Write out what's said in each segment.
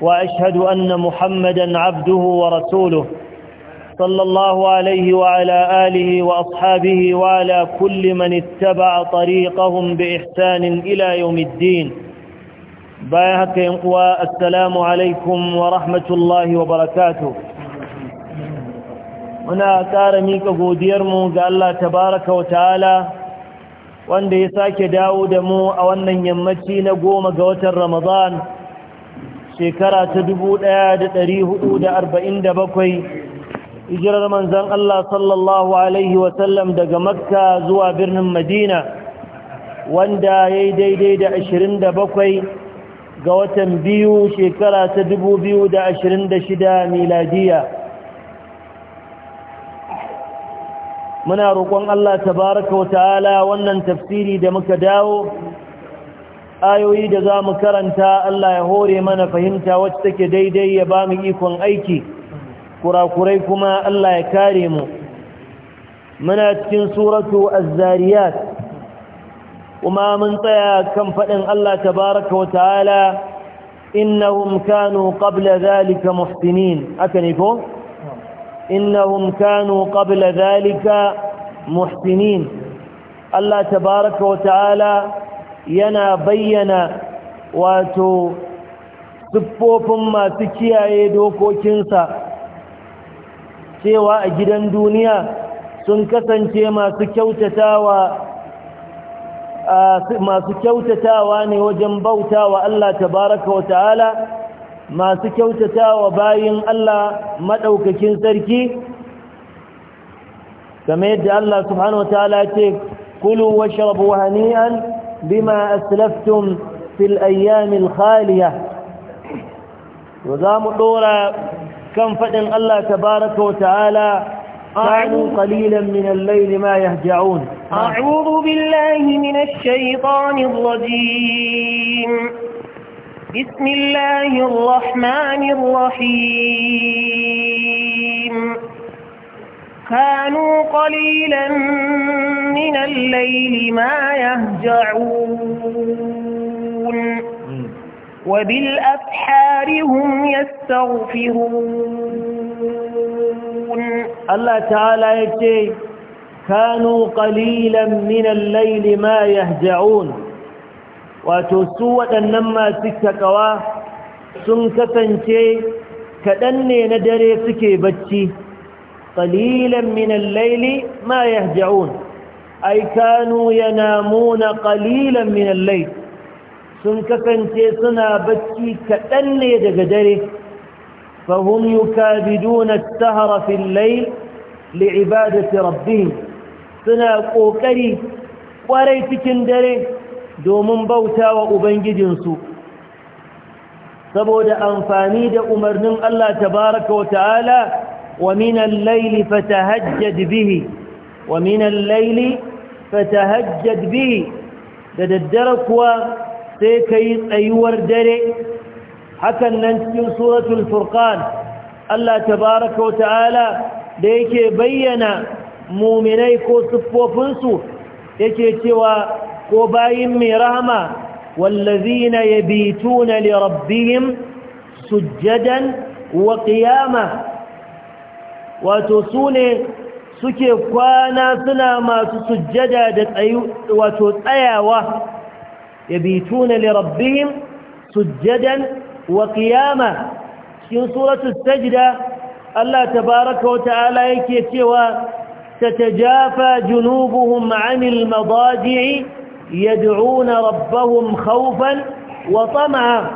وأشهد أن محمدا عبده ورسوله صلى الله عليه وعلى آله وأصحابه وعلى كل من اتبع طريقهم بإحسان إلى يوم الدين بايهك ينقوى السلام عليكم ورحمة الله وبركاته هنا ƙara miƙa godiyarmu ga Allah tabaraka wa ta'ala wanda ya sake dawo da mu a wannan yammaci shekara ta dubu ɗaya da da ɗari bakwai, hijirar manzan Allah sallallahu Alaihi wasallam daga makka zuwa birnin madina wanda ya yi daidai da ashirin da bakwai ga watan biyu shekara ta dubu biyu da da shida miladiya muna roƙon Allah tabaraka wa ta'ala wannan tafsiri da muka dawo ayoyi da za mu karanta Allah ya hore mana fahimta wacce take daidai ya ba mu ikon aiki kurakurai kuma Allah ya kare mu muna cikin suratu az-zariyat kuma mun tsaya kan fadin Allah tabaaraka wa ta'ala innahum kanu qabla dhalika muhsinin aka ne ko innahum kanu qabla dhalika muhsinin Allah tabaraka wa ta'ala yana bayyana wato siffofin masu kiyaye dokokinsa cewa a gidan duniya sun kasance masu kyautatawa masu kyautatawa ne wajen bauta wa Allah tabaraka wa ta'ala masu kyautatawa bayin Allah madaukakin sarki game yadda Allah subhanahu wa ta'ala ce kulu washrabu hani'an بما أسلفتم في الأيام الخالية وزام دورا كم فتن الله تبارك وتعالى كانوا قليلا من الليل ما يهجعون أعوذ بالله من الشيطان الرجيم بسم الله الرحمن الرحيم كانوا قليلا من الليل ما يهجعون وبالأسحار هم يستغفرون الله تعالى يجي كانوا قليلا من الليل ما يهجعون وتسوة لما تكتكوا سنكتن شيء kaɗan ندري سكي بجي قليلا من الليل ما يهجعون أي كانوا ينامون قليلا من الليل سنكفن تيسنا بكي كأن يدقدره فهم يكابدون السهر في الليل لعبادة ربهم سنا قوكري وريتكن دره دومن بوتا وأبنجدنسو saboda amfani da umarnin Allah tabaraka wa ta'ala ومن الليل فتهجد به ومن الليل فتهجد به da daddare kuwa sai ka yi tsayuwar dare hakan nan cikin suratul furqan Allah tabaraka wa ta'ala da yake bayyana muminai ko siffofinsu yake cewa ko bayin mai rahama wallazina yabituna li rabbihim sujjadan wa qiyama wato su ne suke kwana suna masu sujjada da tsayu wato tsayawa ya yabituna li rabbihim sujjadan wa qiyama cikin suratul sajda Allah tabaaraka wa ta'ala yake cewa tatajafa junubuhum 'anil madaji'i yad'una rabbahum khawfan wa tama'a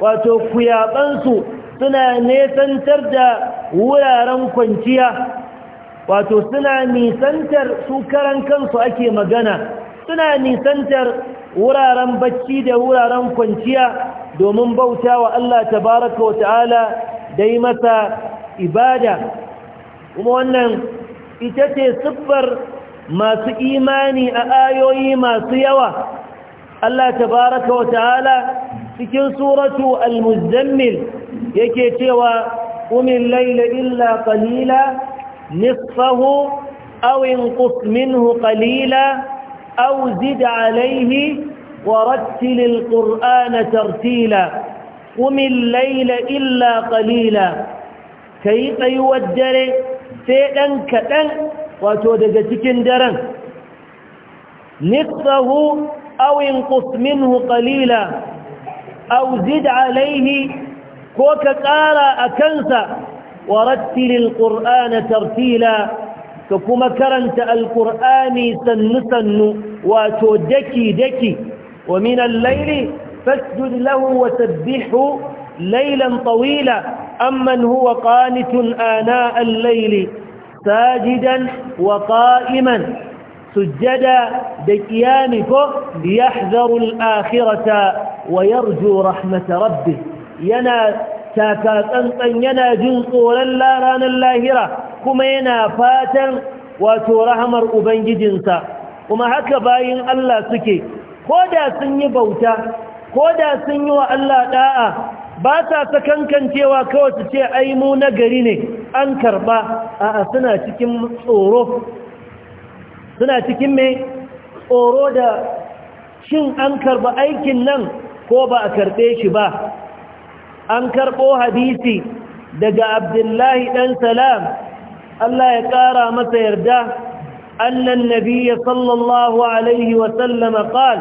wato kuyabansu suna nesantar da wuraren kwanciya wato suna nisantar su karan kansu ake magana suna nisantar wuraren bacci da wuraren kwanciya domin bauta wa Allah tabaraka wa ta'ala masa ibada kuma wannan ita ce siffar masu imani a ayoyi masu yawa Allah tabaraka wa ta'ala cikin suratu al-muzammil yake cewa umil layla illa qalila awin aw inqus minhu qalila aw zid alayhi warattil alqur'ana tartila umil layla illa qalila kai tayi wajjare sai dan kadan wato daga cikin daren nisfahu aw inqus minhu qalila aw zid كوكا قال أكنت ورتل القرآن ترتيلا كوكما كرنت القرآن سن سن واتو دكي دكي ومن الليل فاسجد له وسبحه ليلا طويلا أمن هو قانت آناء الليل ساجدا وقائما سجدا بكيامك ليحذر الآخرة ويرجو رحمة ربه yana taka tsantsan yana jin tsoron ranar lahira kuma yana fatan wato rahamar ubangijinsa kuma haka bayin Allah suke ko da sun yi bauta ko da sun yi wa Allah da'a ba sa ta kankancewa kawai su ce ai mu nagari ne an karba a'a suna cikin tsoro suna cikin mai tsoro da shin an karba aikin nan ko ba a karbe shi ba an karɓo hadisi daga abdullahi ɗan salam Allah ya ƙara masa yarda annan nabiya sallallahu alaihi wasallama ƙal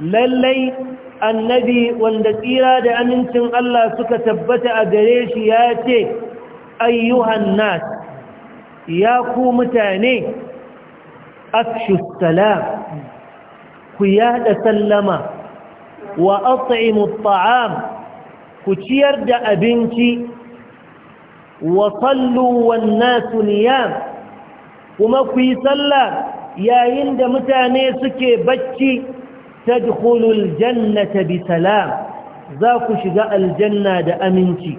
lallai annabi wanda tsira da amincin Allah suka tabbata a gare shi ya ce ayyuhan nas ya ku mutane afshu salam ku yaɗa sallama wa at'imu at'am ku ciyar da abinci wa sallu wan nasu niyam kuma ku yi sallah yayin da mutane suke bacci tadkhulul jannata bi salam za ku shiga aljanna da aminci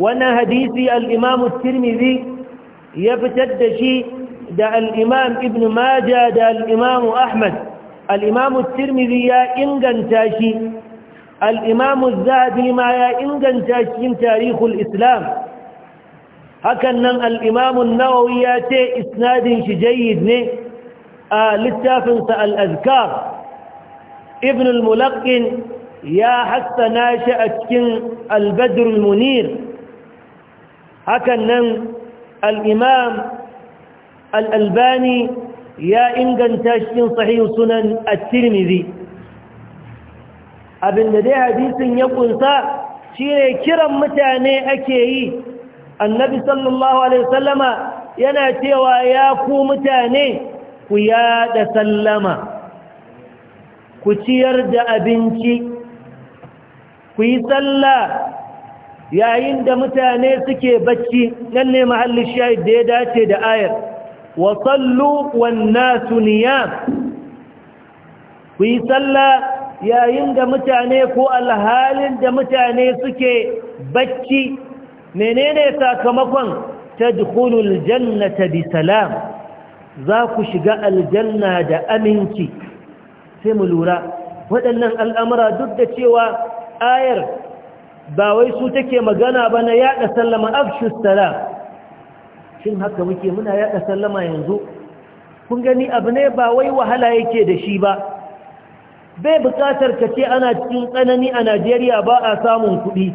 wannan hadisi Al'imamu tirmidhi ya fitar da shi da Al'imam ibn majah da Al'imamu ahmad Al'imamu imam tirmidhi ya inganta shi الإمام الذهبي ما يا إنجن تاشين تاريخ الإسلام هكذا الإمام النووي ياتي إسناد جيد نه آه الأذكار ابن الملقن يا حتى ناشأت كن البدر المنير هكذا الإمام الألباني يا إنجن تاشين صحيح سنن الترمذي abinda dai hadisin ya kunsa shine kiran mutane ake yi annabi sallallahu alaihi wasallama yana cewa ya ku mutane ku yada sallama ku ciyar da abinci ku yi sallah yayin da mutane suke bacci nan ne mahallin shahid da ya dace da ayar wa sallu wan nasu ku yi sallah yayin da mutane ko alhalin da mutane suke bacci menene sakamakon tadkhulul jannata bi salam za ku shiga aljanna da aminci sai mu lura waɗannan al'amura duk da cewa ayar ba wai su take magana ba na yaɗa sallama afshus salam shin haka muke muna yaɗa sallama yanzu kun gani abu ne ba wai wahala yake da shi ba bai bukatar ka ce ana cikin tsanani a najeriya ba a samun kuɗi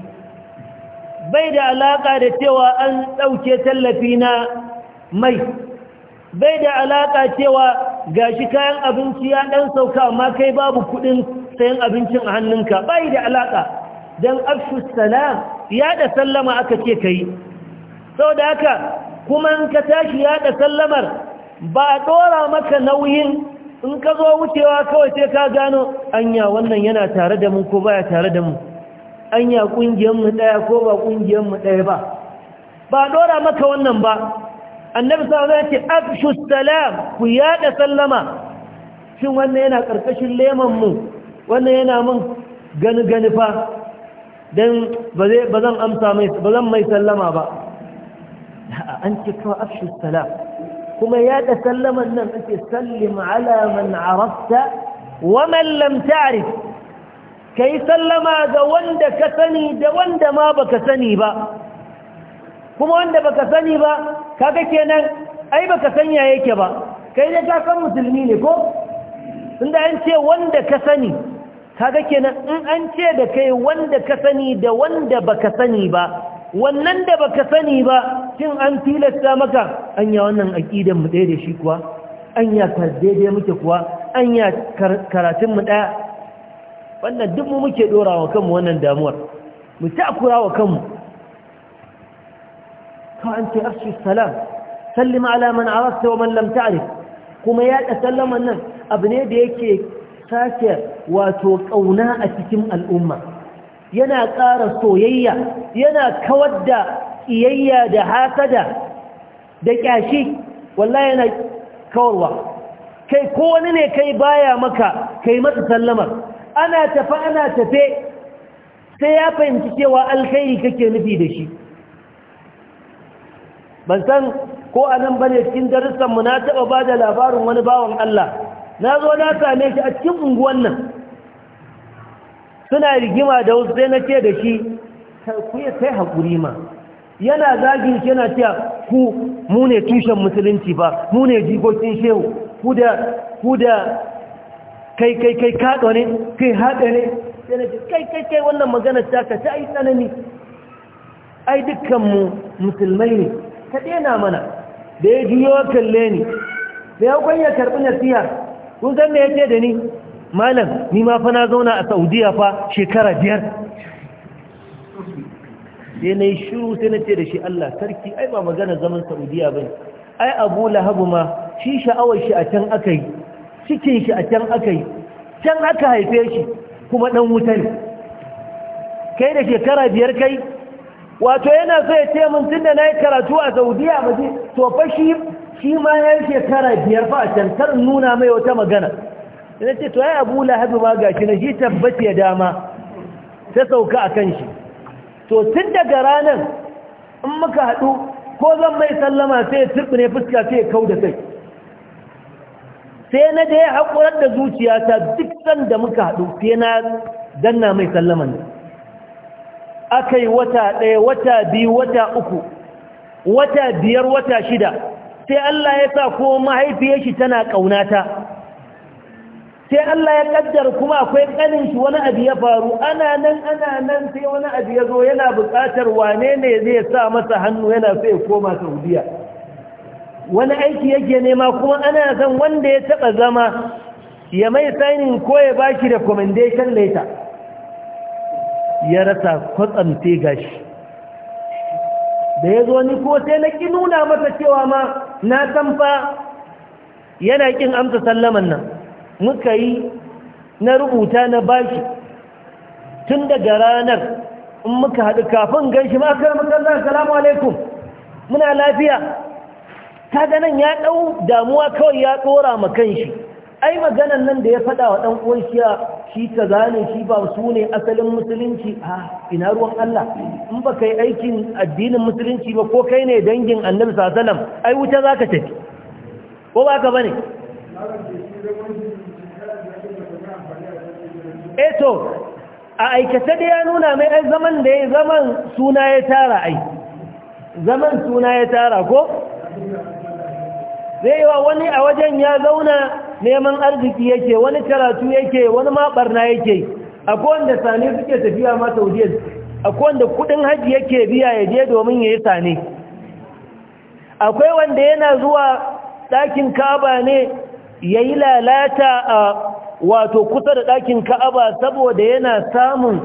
bai da alaƙa da cewa an ɗauke tallafi na mai bai da alaƙa cewa gashi kayan abinci ya ɗan sauka amma kai babu kuɗin sayan abincin a hannunka bai da alaƙa don afshu ya da sallama aka ce ka yi sau da haka kuma ka tashi ya da sallamar ba a ɗora maka nauyin in ka zo wucewa kawai sai ka gano anya wannan yana tare da mu ko baya tare da mu anya kungiyar mu daya ko ba kungiyar mu daya ba ba dora maka wannan ba annabi sallallahu alaihi wasallam ya ce afshu salam ku yada sallama shin wannan yana karkashin leman mu wannan yana mun gani gani fa dan ba zan amsa mai ba zan mai sallama ba an ce kawai afshu salam كما ياد سلم النبي سلم على من عرفت ومن لم تعرف كي سلم هذا وند كثني وند ما بكثني با كما وند بكثني با كذا كينا أي بكثني أيك با كي نجا كم مسلمين كو عند أنت وند كثني كذا كينا أنت بكي وند كثني دا بكثني با wannan da baka sani ba cin an tilasta maka anya wannan aqidan mu ɗaya da shi kuwa anya ka daidai muke kuwa anya karatun mu ɗaya wannan duk mu muke wa kanmu wannan damuwar mu wa kanmu ka an ce afshi salam sallima ala man arasta wa mallam lam kuma ya da sallaman nan abu ne da yake sake wato ƙauna a cikin al'umma yana ƙara soyayya yana kawar da iyayya da hasada da ƙyashi wallahi yana kawarwa kai ko wani ne kai baya maka kai masa sallamar ana tafe ana tafe sai ya fahimci cewa alkhairi kake nufi da shi ban san ko a nan bane cikin darussanmu na taɓa ba da labarin wani bawan Allah na zo na same shi a cikin unguwan nan suna rigima da wasu sai na ce da shi ku yi kai haƙuri ma yana zagin shi yana cewa ku mu ne tushen musulunci ba mu ne jikokin shehu ku da ku da kai kai kai kaɗo ne kai haɗe ne sai na ce kai kai kai wannan magana ta ka ta yi tsanani ai dukkan mu musulmai ne ka daina mana da ya juyo kalle ni da ya kwanya karɓi nasiha kun san me ya ce da ni malam ni ma fa na zauna a saudiya fa shekara biyar sai na yi shuru sai na ce da shi Allah sarki ai ba magana zaman saudiya ba ai abu lahabu ma shi sha'awar shi a can aka yi cikin shi a can aka yi can aka haife shi kuma ɗan wuta ne kai da shekara biyar kai wato yana so ya ce min tun da na yi karatu a saudiya ba to fa shi ma ya yi shekara biyar fa a can kar nuna mai wata magana Ina ce to ya abu lahabi ma ga na shi tabbati ya dama ta sauka a kan shi to tun daga ranar in muka haɗu ko zan mai sallama sai ya turbine fuska sai ya kau da sai na da ya haƙurar da zuciyata duk sanda muka haɗu sai na danna mai sallaman aka yi wata ɗaya wata biyu wata uku wata biyar wata shida sai Allah ya sa ko mahaifiyar shi tana ƙaunata sai Allah ya kaddar kuma akwai kanin shi wani abu ya faru ana nan ana nan sai wani abu ya zo yana buƙatar wane ne zai sa masa hannu yana so ya koma Saudiya wani aiki yake nema kuma ana san wanda ya taɓa zama ya mai sainin ko ya bashi recommendation letter ya rasa kwatsamte gashi da ya zo ni ko sai na ƙi nuna masa cewa ma na san fa yana ƙin amsa sallaman nan muka yi na rubuta na bashi tun daga ranar in muka haɗu kafin ganshi ma aka salamu alaikum muna lafiya ta ganin ya ɗau damuwa kawai ya tsora ma shi ai maganan nan da ya faɗa wa ɗan uwan shi shi ta zane shi ba su ne asalin musulunci a ina ruwan Allah in ba yi aikin addinin musulunci ba ko kai ne dangin annabi sallallahu alaihi wasallam ai wuta zaka tafi ko ba ka bane eto eh a aikace da ya nuna mai ai zaman da ya zaman suna ya tara ai zaman suna ya tara ko zai wa wani a wajen ya zauna neman arziki yake wani karatu yake wani maɓarna yake akwai wanda Sani suke tafiya ma saudiya akwai wanda kudin haji yake biya ya je domin ya yi Sani, akwai wanda yana zuwa ɗakin kaba ne ya yi lalata a wato kusa da ɗakin ka'aba saboda yana samun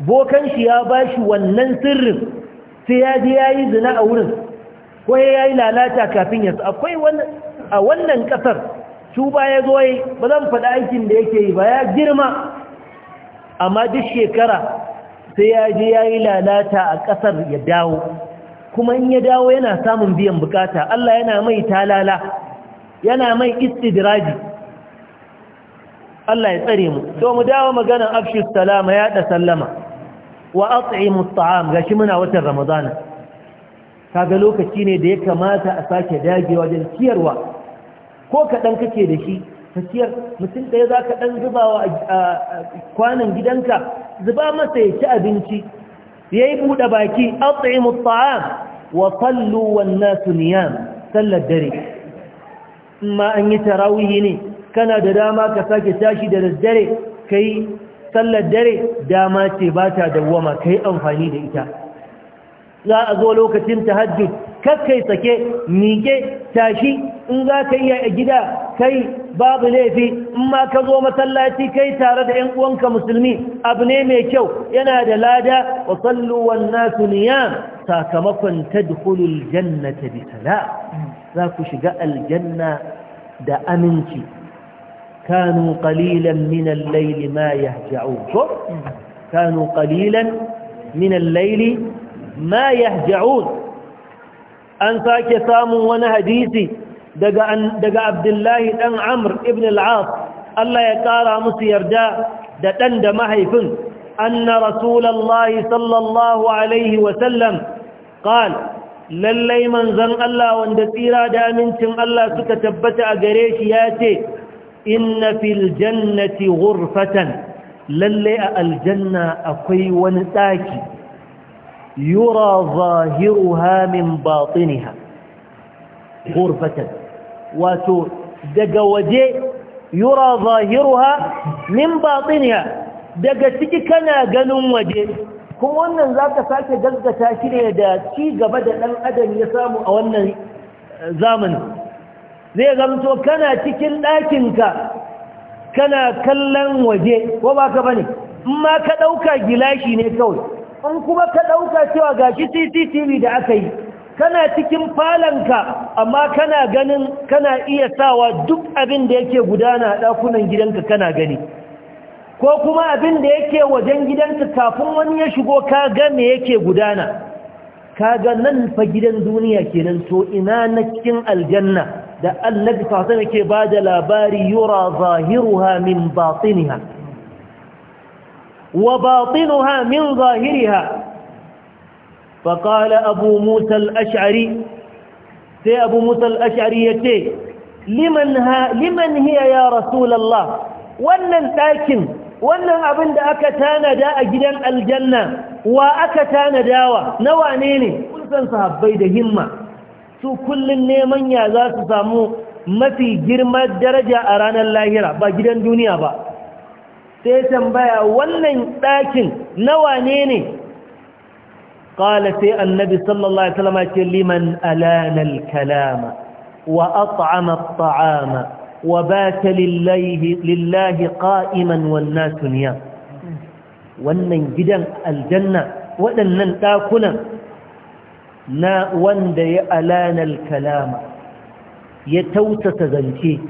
bokan shi ya ba shi wannan sirrin sai ya ji ya yi zina a wurin ko ya yi lalata kafin yasu akwai a wannan ƙasar su ba ya zo yi ba zan faɗi aikin da yake yi ba ya girma amma duk shekara sai ya ji ya yi lalata a ƙasar ya dawo kuma in ya dawo yana samun biyan bukata Allah yana mai talala yana mai istidraji Allah ya tsare mu to mu dawo maganar afshu salama ya da sallama wa at'imu at'am gashi muna watan ramadana kaga lokaci ne da ya kamata a sake dage wajen ciyarwa ko kaɗan kake da shi ka ciyar mutum ɗaya za ka ɗan zubawa a kwanan gidanka zuba masa ya ci abinci ya yi buɗe baki at'imu at'am wa sallu wan nasu niyam sallar dare in ma an yi tarawihi ne kana da dama ka sake tashi da daddare kai sallar dare dama ce ba ta dawwama kai amfani da ita za a zo lokacin tahajjud kakkai sake miƙe tashi in za ka iya a gida kai babu laifi in ma ka zo masallaci kai tare da 'yan uwanka musulmi abu ne mai kyau yana da lada wa nasuniya. nasu niyam sakamakon tadkhulul jannata bi sala za ku shiga aljanna da aminci كانوا قليلا من الليل ما يهجعون كانوا قليلا من الليل ما يهجعون أن ساك سام ونهديسي دقى عبد الله دن عمر ابن العاص الله يقارى مسير جاء دتن دمهيفن أن رسول الله صلى الله عليه وسلم قال lallai manzon Allah wanda tsira da amincin Allah suka tabbata a gare shi ya ce إن في الجنة غرفة للي الجنة أقي ونتاكي يرى ظاهرها من باطنها غرفة واتو وجه يرى ظاهرها من باطنها دق كنا قنم وجه كم أن ذاك ka sake gaggata shi ne da ci أدن يسام أو adam ya zai zamto kana cikin ɗakinka kana kallon waje ko ba ka bane in ma ka ɗauka gilashi ne kawai in kuma ka ɗauka cewa gashi cctv da aka yi kana cikin ka amma kana ganin kana iya sawa duk abin da yake gudana a ɗakunan gidanka kana gani ko kuma abin da yake wajen gidanka kafin wani ya shigo ka ga me yake gudana ka ga nan fa gidan duniya kenan so ina na cikin aljanna da annabi sallallahu alaihi ke bada labari yura zahiruha min batiniha wa batinuha min zahiriha فقال أبو موسى الأشعري سي أبو موسى الأشعري يتي لمن, ها لمن هي يا رسول الله wannan ɗakin wannan abin da aka tanada a gidan aljanna wa aka tanadawa na wane ne kun san sahabbai da himma su kullum neman ya za su samu mafi girman daraja a ranar lahira ba gidan duniya ba sai tambaya wannan ɗakin nawa ne ne ƙala sai annabi sallallahu alaihi wasallam ce liman alanal kalama wa at'ama at'ama wa bata lillahi lillahi qa'iman wan nas wannan gidan aljanna waɗannan ɗakunan na wanda ya alanar kalama ya tautata zance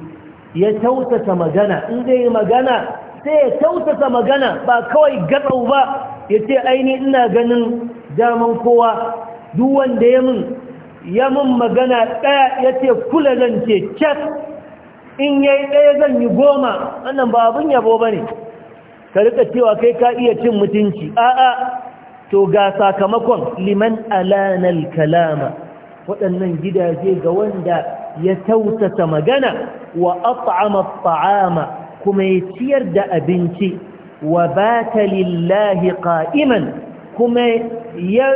ya tautata magana in zai magana sai ya tautata magana ba kawai gatsau ba ya ce aini ina ganin daman kowa duk wanda ya min ya min magana ɗaya ya ce kula zance cak in ya yi ɗaya zan yi goma wannan ba abin yabo ba ne ka rika cewa kai ka iya cin mutunci a'a to ga sakamakon liman alanal kalama waɗannan gidaje ga wanda ya tausata magana wa at'ama ta'ama kuma ya ciyar da abinci wa bata lillahi qa'iman kuma ya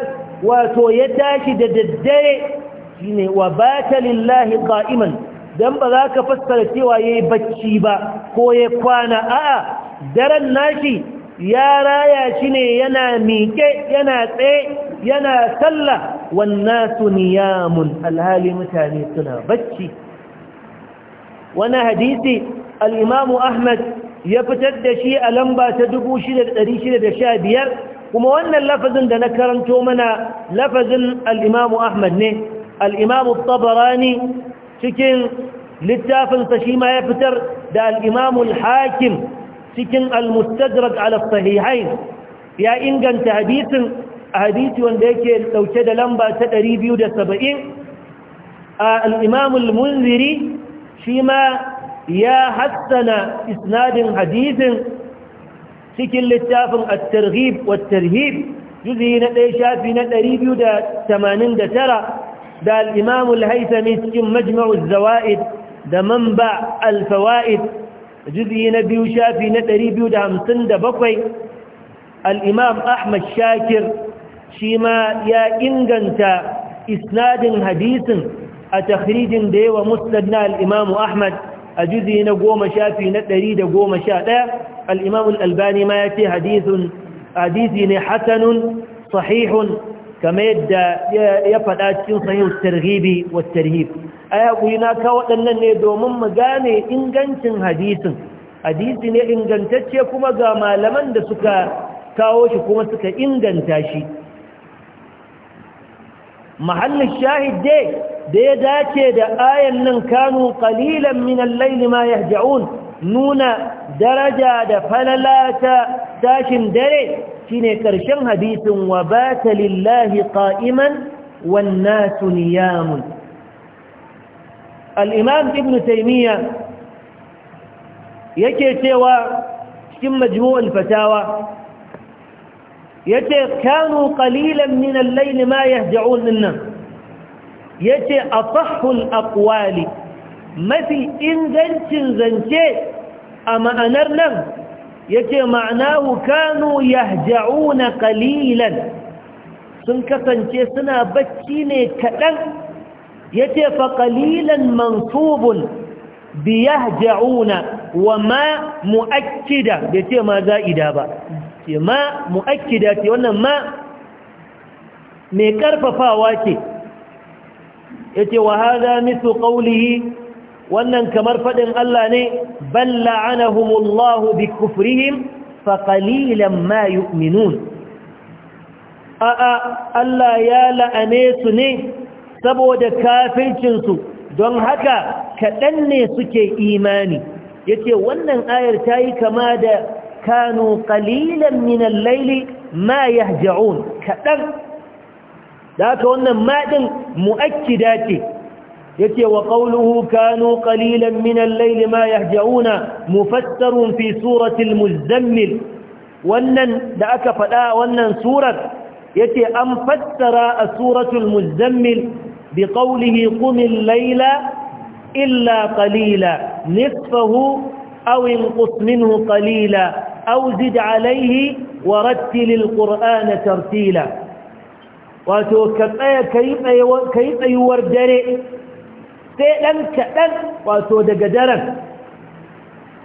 wato ya tashi da daddare shine wa bata lillahi qa'iman dan ba za ka fassara cewa yayi bacci ba ko ya kwana a'a daren nashi ya raya shi ne yana miƙe yana tsaye yana sallah wannasu niyamun alhali mutane suna bacci wani hadisi al'imamu ahmad ya fitar da shi a lamba ta 6,615 kuma wannan lafazin da na karanto mana lafazin al'imamu ahmad ne al'imamu tabarani cikin littafinsa shi ma ya fitar da al'imamu hakim cikin al sahihain ya inganta hadisin hadisi wanda yake dauke da lamba ta 270 al-imam al-munziri shima ya hassana isnadin hadisin cikin littafin at-targhib wat-tarhib juzi na 1 shafi na 289 da al-imam al-haythami cikin majma'u az-zawaid da manba al-fawaid جزي نبي شافي نتري بيود عم سند بقوي الإمام أحمد شاكر شما يا إنجنت إسناد حديث أتخريج دي ومستدنا الإمام أحمد أجزي نقوم شافي نتري دقوم شاد الإمام الألباني ما يأتي حديث حديث حسن صحيح كما يبدأ يفتأت صحيح الترغيب والترهيب aya kuyi na kawo waɗannan ne domin mu gane ingancin hadisin hadisi ne ingantacce kuma ga malaman da suka kawo shi kuma suka inganta shi mahallin shahid da ya dace da ayan nan kanu kalilan min al-layl nuna daraja da falalata tashin dare shine karshen hadisin wa bata lillahi ƙa'iman wannan suniyamun. niyamun al'imam ibn taimiyya yake cewa cikin majmu'ul fatawa yace kanu ƙalilan min al ma ma yahja'un lin-nas a asahhul Akwali, mafi ingancin zance a ma'anar nan yace ma'anahu kanu yahja'un ƙalilan, sun kasance suna bacci ne kaɗan. yace fa qalilan mansubun biyahja'una wa ma muakkida yace ma za'ida ba ce ma muakkida ce wannan ma mai karfafawa ce yace wa hada misu qawlihi wannan kamar fadin Allah ne bal la'anahumullahu bi kufrihim fa qalilan ma yu'minun a'a Allah ya la'ane su ne saboda kafincinsu don haka kaɗan ne suke imani ya ce wannan ayar ta yi kama da kanu ƙalilan minan laili ma ya ja'un kaɗan da haka wannan maɗin mu'akkida ce ya ce wa ƙauluhu kanu ƙalilan minan laili ma ya ja'una mufassarun fi suratul muzammil wannan da aka faɗa wannan surar ya ce an fassara a suratul muzammil بقوله قم الليل إلا قليلا نصفه أو انقص منه قليلا أو زد عليه ورتل القرآن ترتيلا وتوكبأي كيف يوردري سيئا كأن قدرا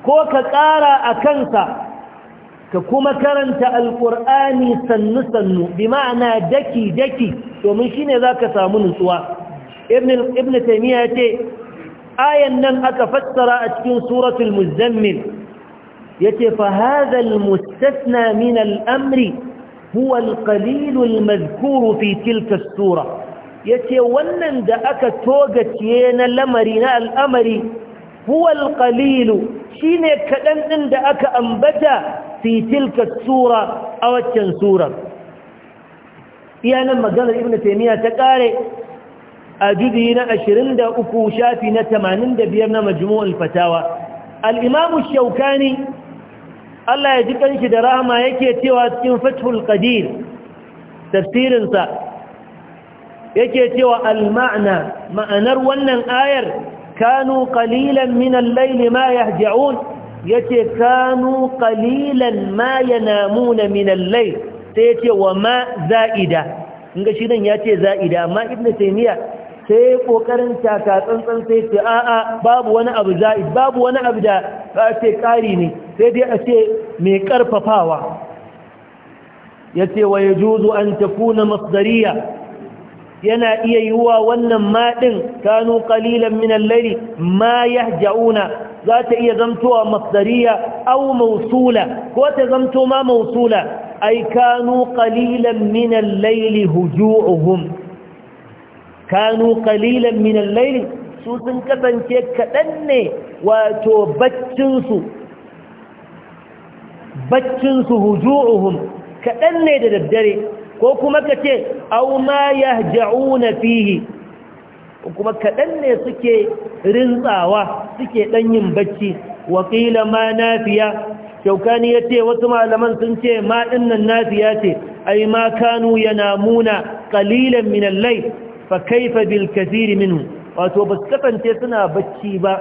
كوك قارا أكنسا ككما كرنت القرآن alkur'ani sannu دكي دكي ma'ana daki-daki domin shi ibn taymiya yace ayan nan aka fassara a cikin suratul muzammil yace fa hadha al mustasna min al amri huwa al qalil al madhkur fi tilka as sura yace wannan da aka toga ciye na lamari na al'amari huwa al qalil shine kadan din da aka ambata fi tilka as sura a waccan surar iya nan maganar ibn taymiya ta kare a juzi na 23 shafi na 85 na majmu'ul fatawa al imamu shaukani Allah ya ji kanshi da rahama yake cewa cikin fathul qadir tafsirinsa yake cewa al-ma'na ma'anar wannan ayar kanu qalilan min al-layli ma yahja'un yace kanu qalilan ma yanamuna min al-layl sai yace wa ma za'ida inga shi nan yace za'ida amma ibnu taymiya sai ƙoƙarin taka tsantsan sai ce a'a babu wani abu za'id babu wani abu da ba ce ƙari ne sai dai a ce mai ƙarfafawa ya ce wa ya juzu an tafuna masdariya yana iya yiwuwa wannan maɗin kanu ƙalilan minan lari ma ya ja'una za ta iya zamtowa masdariya au mausula ko ta zamto ma mausula ai kanu ƙalilan minan laili huju'uhum kanu qalilan min al-layl su sun kasance kadan ne wato baccin su baccin su hujuuhum kadan ne da daddare ko kuma kace aw ma yahja'una fihi kuma kadan ne suke rintsawa suke dan yin bacci wa qila ma nafiya shaukani ya wasu malaman sun ce ma ɗinnan nafiya ce ai ma kanu ya namuna ƙalilan minallai fa kaifa bil kathiri minhu wato ba kasance suna bacci ba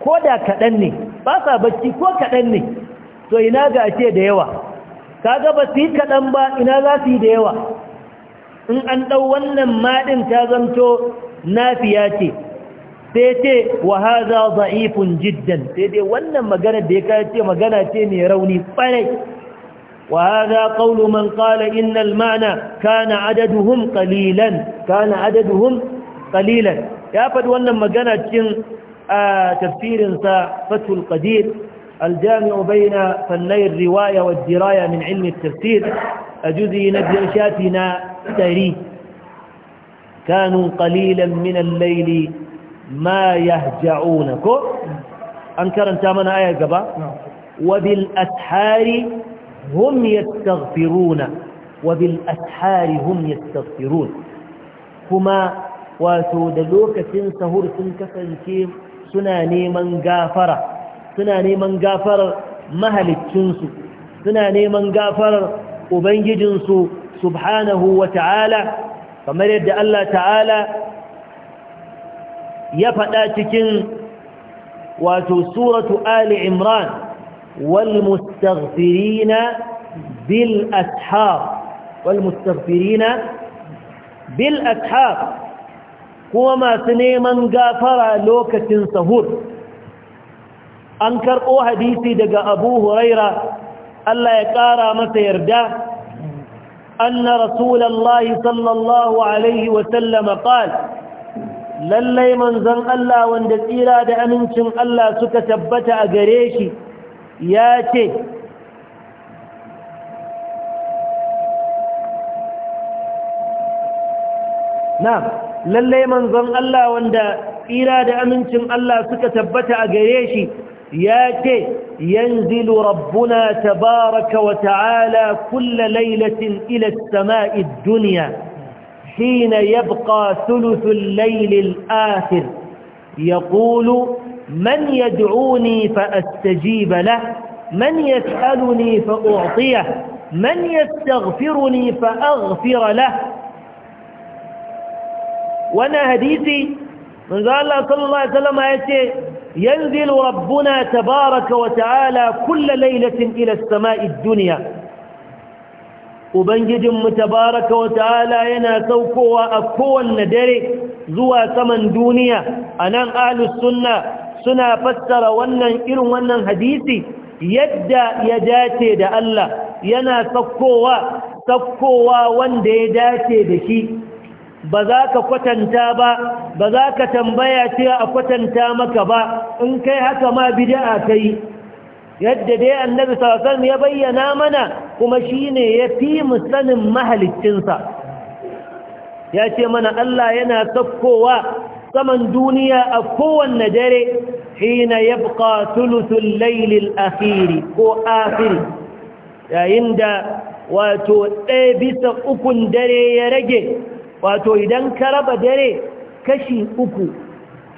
ko da kaɗan ne ba sa bacci ko kaɗan ne to ina ga ce da yawa kaga ba su yi kaɗan ba ina za su yi da yawa in an ɗau wannan madin ta zanto nafiya ce sai ce wa hadha za'ifun jiddan sai dai wannan magana da ya kace magana ce mai rauni farai. وهذا قول من قال إن المعنى كان عددهم قليلا كان عددهم قليلا يا فد لما magana cikin تفسير sa Fathul الجامع بين فني الرواية والدراية من علم التفسير جزء نجرشاتنا تري كانوا قليلا من الليل ما يهجعونك أنكر أنت من آية قبا نعم. وبالأسحار هم يستغفرون وبالأسحار هم يستغفرون كما وتودلوك سهور سنكفن كيف سنا نيمن غافرة سنا نيمن غافرة مهل التنس سنا نيمن غافرة وبنججنس سبحانه وتعالى فما يد الله تعالى يفتا تكن وتو سورة آل عمران والمستغفرين بالأسحار والمستغفرين بالأسحار كما سنيما غافر لوكة سهور أنكر أو حديثي دقى أبو هريرة ألا يكارى متى يرداه أن رسول الله صلى الله عليه وسلم قال lallai manzon Allah wanda tsira da amincin Allah suka tabbata a gare shi ya ce na lallai manzon Allah wanda tsira da amincin Allah suka tabbata a gare shi ya ce yanzilu rabbuna tabaraka wa ta'ala kulla lailatin ila sama'id duniya حين يبقى ثلث الليل الآخر يقول من يدعوني فأستجيب له من يسألني فأعطيه من يستغفرني فأغفر له وانا حديثي من قال الله صلى الله عليه وسلم ينزل ربنا تبارك وتعالى كل ليلة إلى السماء الدنيا وبنجد متبارك وتعالى ta'ala yana saukowa الندري kowanne سمن zuwa أنا أهل السنة suna fassara wannan irin wannan hadisi yadda ya dace da Allah yana sakkowa sakkowa wanda ya dace da shi ba za ka kwatanta ba ba za ka tambaya ce a kwatanta maka ba in kai haka ma bid'a kai yadda dai annabi sallallahu ya bayyana mana kuma shine ya fi mu sanin mahaliccinsa ya ce mana Allah yana sakkowa saman duniya a kowanne dare hina yabqa thuluthul layl al-akhir ko akhir yayin da wato ɗaya bisa ukun dare ya rage wato idan ka raba dare kashi uku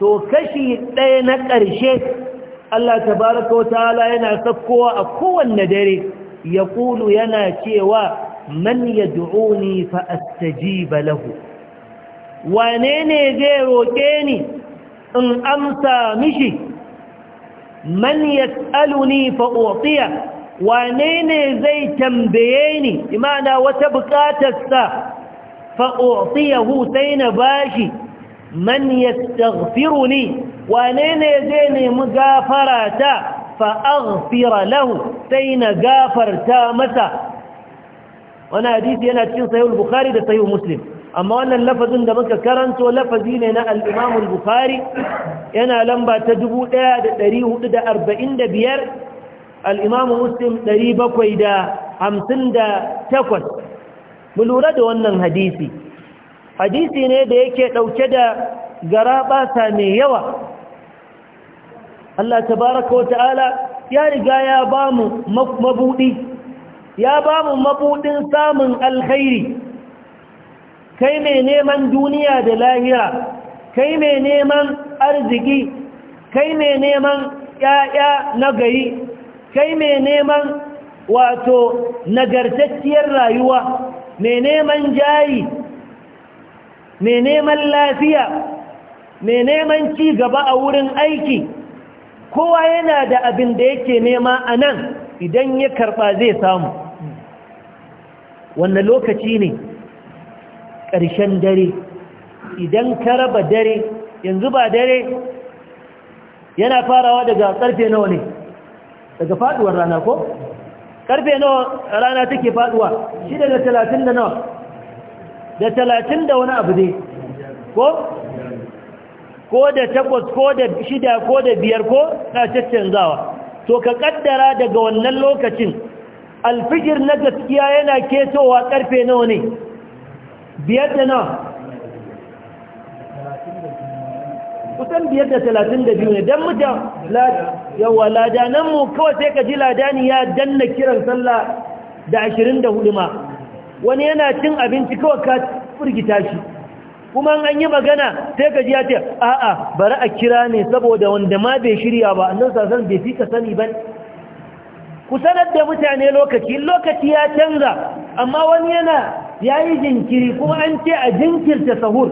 to kashi ɗaya na ƙarshe Allah tabaraka wa ta'ala yana sakkowa a kowanne dare ya yana cewa man du'uni fa astajiba lahu wane ne zai roƙe ni in amsa mishi man yas'aluni fa u'tiya wane ne zai tambaye ni imana wata bukatarsa fa u'tiyahu sai na bashi man yastaghfiruni wane ne zai nemi gafarata fa aghfira lahu sai na gafarta masa Wani hadisi yana cikin sahih bukhari da sahih muslim amma wannan lafazin da muka karanto lafazi ne na al-Imam bukhari yana lamba ta 1445 da hamsin Muslim 758 mu lura da wannan hadisi hadisi ne da yake ɗauke da garaba mai yawa Allah tabaraka wa ta'ala ya riga ya bamu mabudi ya bamu mabuɗin samun alkhairi kai mai neman duniya da lahira kai mai neman arziki kai mai neman ƴaƴa na gari kai mai neman wato nagartacciyar rayuwa mai neman jari mai neman lafiya mai neman ci gaba a wurin aiki kowa yana da abin da yake nema a nan idan ya karɓa zai samu wannan lokaci ne ƙarshen dare idan ka raba dare yanzu ba dare yana farawa daga ƙarfe nawa ne daga faduwar rana ko ƙarfe nawa rana take faduwa shi daga talatin da nawa da talatin da wani abu ne ko ko da takwas ko da shida ko da biyar ko na caccanzawa to ka kaddara daga wannan lokacin alfijir na gaskiya yana ketowa ƙarfe nawa ne biyar da nawa kusan biyar da talatin da biyu ne don mutum yawa ladananmu kawai sai ka ji ladani ya danna kiran sallah da ashirin da hudu ma wani yana cin abinci kawai ka firgita shi kuma an yi magana sai ka ji ya ce a'a bari a kira ne saboda wanda ma bai shirya ba annan sasan bai fi ka sani ba ku sanar da mutane lokaci lokaci ya canza amma wani yana ya yi jinkiri kuma an ce a jinkirta sahur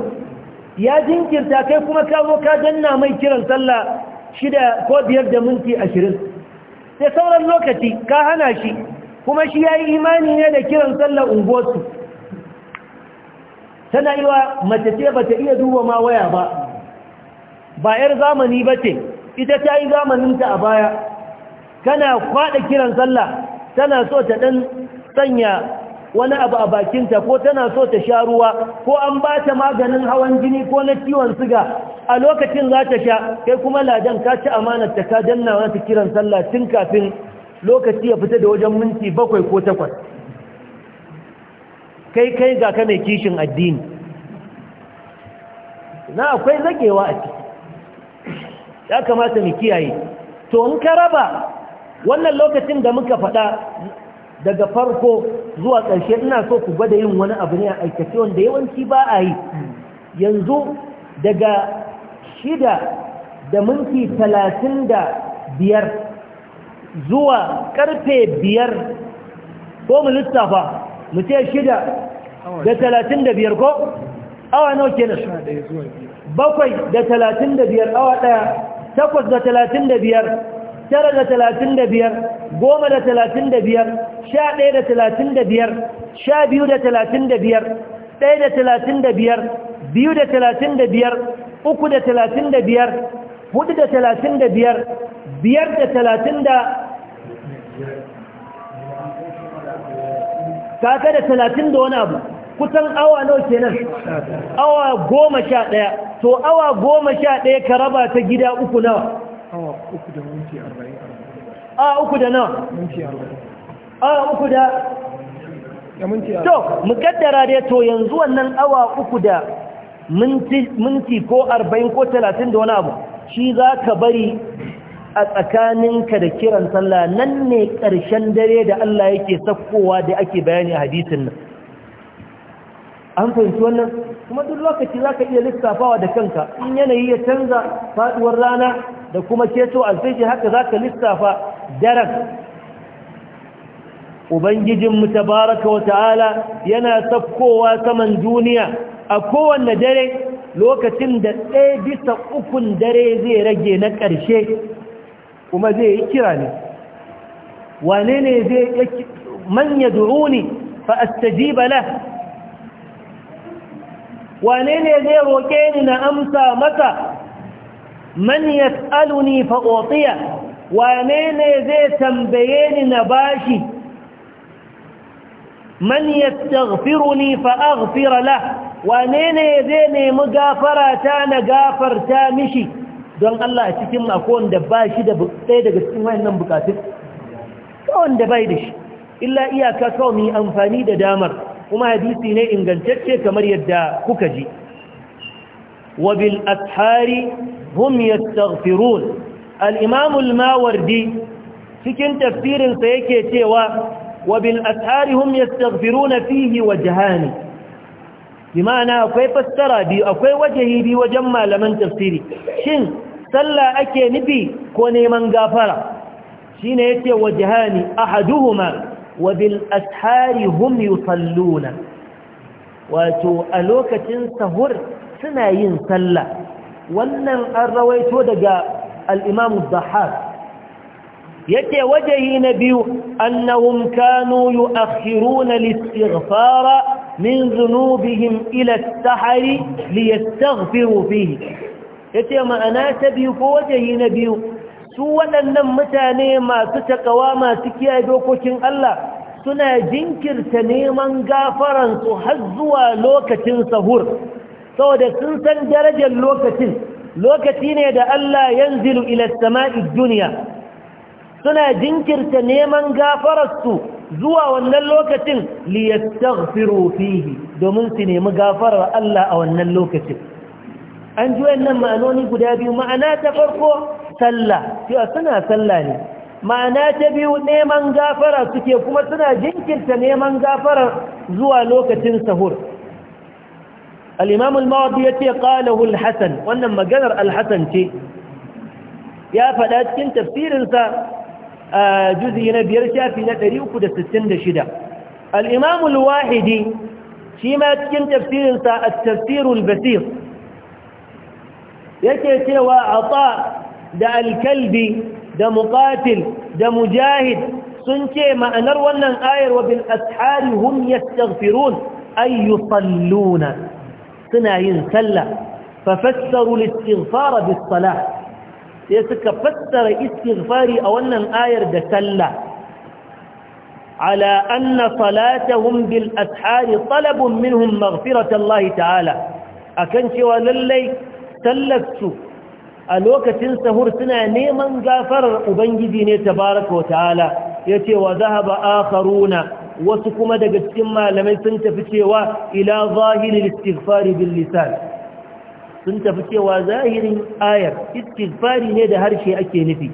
ya jinkirta kai kuma ka zo ka janna mai kiran sallah shida ko biyar da minti ashirin sai sauran lokaci ka hana shi kuma shi ya yi imani ne da kiran sallah unguwarsu tana yi wa mace ce ba ta iya duba ma waya ba ba yar zamani ba ce ita ta yi zamaninta a baya kana kwaɗa kiran sallah tana so ta ɗan sanya wani abu a bakinta ko tana so ta sha ruwa ko an ba ta maganin hawan jini ko na ciwon siga a lokacin za ta sha kai kuma ladan ka ci amanar ta ka danna ta kiran sallah tun kafin lokaci ya fita da wajen minti bakwai ko takwas kai kai ga ka mai kishin addini na akwai zagewa a ciki ya kamata mu kiyaye to in ka raba wannan lokacin da muka faɗa daga farko zuwa ƙarshe ina so ku gwada yin wani abu ne a aikace wanda yawanci ba a yi yanzu daga shida da minti talatin da biyar zuwa ƙarfe biyar ko mu lissafa mu ce shida da talatin da biyar ko awa nawa kenan bakwai da talatin da biyar awa ɗaya takwas da talatin da biyar tara da talatin da biyar goma da talatin da biyar sha ɗaya da talatin da biyar sha biyu da talatin da biyar ɗaya da talatin da biyar biyu da talatin da biyar uku da talatin da biyar hudu da talatin da biyar biyar da talatin da kaka da talatin da wani abu kusan awa nau kenan awa goma sha ɗaya to awa goma sha ɗaya ka raba ta gida uku nawa awa uku da minti arba'in a uku da minti arba'in uku da to mukaddara dai to yanzu wannan awa uku da minti ko arba'in ko talatin da wani abu shi za ka bari a tsakaninka da kiran sallah nan ne ƙarshen dare da Allah yake sakkowa da ake bayani a hadisin nan an fahimci wannan kuma duk lokaci za ka iya lissafawa da kanka in yanayi ya canza faɗuwar rana da kuma ceto alfijir haka za ka lissafa daren ubangijinmu tabaraka wa ta'ala yana safkowa saman duniya a kowanne dare lokacin da ɗaya bisa ukun dare zai rage na ƙarshe kuma zai yi kira ne wane ne zai man ya du'uni fa astajiba lah wane ne zai roƙe ni na amsa masa man yas'aluni fa utiya wane ne zai tambaye ni na bashi man yastaghfiruni fa aghfir la wane ne zai nemi gafarata na gafarta mishi don Allah a cikin makon da bashi da ɗaya daga cikin wayannan bukatun kawon da bai da shi illa iyaka kawai mu yi amfani da damar kuma hadisi ne ingantacce kamar yadda kuka ji wa bil ashari hum yastaghfirun al-imam al-mawardi cikin tafsirin sa yake cewa wa bil ashari hum yastaghfiruna fihi wajhan bima'ana akwai fassara biyu akwai wajahi bi wajen malaman tafsiri shin sallah ake nufi ko neman gafara shine yace wajhani ahaduhuma wa bil ashari hum yusalluna wato a lokacin sahur suna yin sallah wannan an rawaito daga al-imam ad yake na biyu annahum kanu yu'akhiruna al-istighfara min dhunubihim ila as-sahri liyastaghfiru yace ma'ana ta biyu ko wajahi na biyu su waɗannan mutane masu takawa masu kiyaye dokokin Allah suna jinkirta neman gafaransu har zuwa lokacin sahur saboda sun san darajar lokacin lokaci ne da Allah yanzilu ila sama'i duniya suna jinkirta neman gafararsu zuwa wannan lokacin li yastaghfiru fihi domin su nemi gafarar Allah a wannan lokacin an ji wannan ma'anoni guda biyu ma'ana ta farko sallah cewa suna sallah ne ma'ana ta biyu neman gafara suke kuma suna jinkirta neman gafarar zuwa lokacin sahur al-imam al-mawardi yace qalahu al-hasan wannan maganar al ce ya faɗa cikin tafsirinsa a juzi biyar shafi na 366 al-imam al-wahidi shi ma cikin tafsirinsa at-tafsir al-basir yake cewa ata da al da muqatil da mujahid sun ce ma'anar wannan ayar wa bil ashari hum yastaghfirun ay yusalluna suna yin sallah fa fassaru al-istighfar bis salah sai suka fassara istighfari a wannan ayar da sallah ala anna salatahum bil ashari talabun minhum maghfiratallahi ta'ala akan cewa lallai sallarsu a lokacin sahur suna neman gafarar ubangiji ne tabaraka wa ta'ala yace wa zahaba akharuna wasu kuma daga cikin malamai sun tafi cewa ila zahirin istighfari bil lisan sun tafi cewa zahirin ayar istighfari ne da harshe ake nufi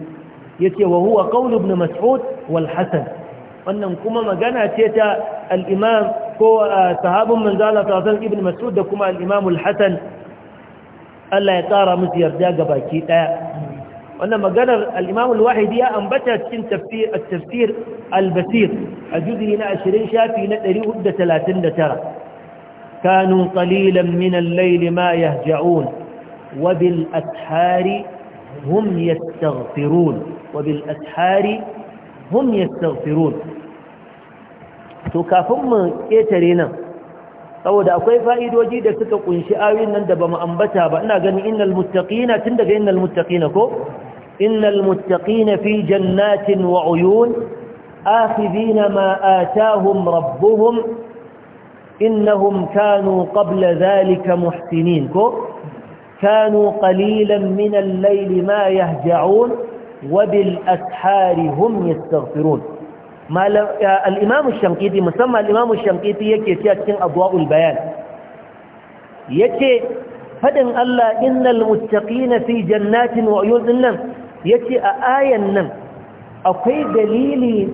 yace wa huwa qaul ibn mas'ud wal hasan wannan kuma magana ce ta al-imam ko sahabun manzo Allah sallallahu ibn mas'ud da kuma al-imam al-hasan Allah ya tsara musu yarda ga baki daya وانما قال الامام الواحدي انبتى التفسير التفسير البسيط اجدي هنا 20 شافي ندري ود 30 ترى كانوا قليلا من الليل ما يهجعون وبالاسحار هم يستغفرون وبالاسحار هم يستغفرون تو كفم كترينا saboda akwai fa'idoji da suka kunshi ayoyin nan da bamu ambata ba ina gani innal muttaqina tun daga innal muttaqina ko innal muttaqina fi jannatin wa uyun akhidina ma atahum rabbuhum innahum kanu qabla dhalika muhsinin ko kanu qalilan كانوا قليلا من الليل ما يهجعون وبالأسحار هم yastaghfirun al'imamu shankiti musamman al'imamu shankiti yake ce a cikin abuwa'ul bayan ya ce faɗin Allah innal na fi jannatin wa nan ya ce a ayan nan akwai dalili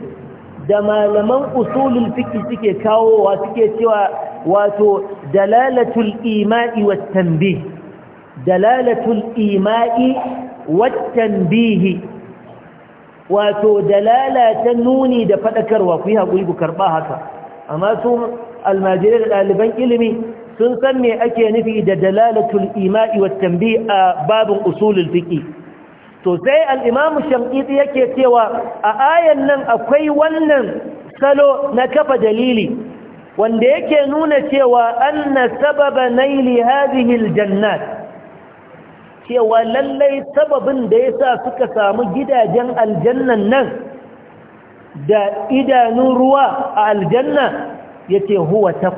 da malaman usulun fiki suke kawowa suke cewa wato dalalatul ima'i wa dalalatul ima'i wa tambihi wato dalala ta nuni da faɗakarwa ku yi haƙuri ku karɓa haka amma su almajirai da ɗaliban ilimi sun san me ake nufi da dalalatul ima'i wa tambi a babin usulul fiqi to sai al-imam yake cewa a ayan nan akwai wannan salo na kafa dalili wanda yake nuna cewa na sababa naili hadhihi jannat cewa lallai sababin da ya sa suka samu gidajen aljannan nan da idanun ruwa a aljanna ya ce huwa shi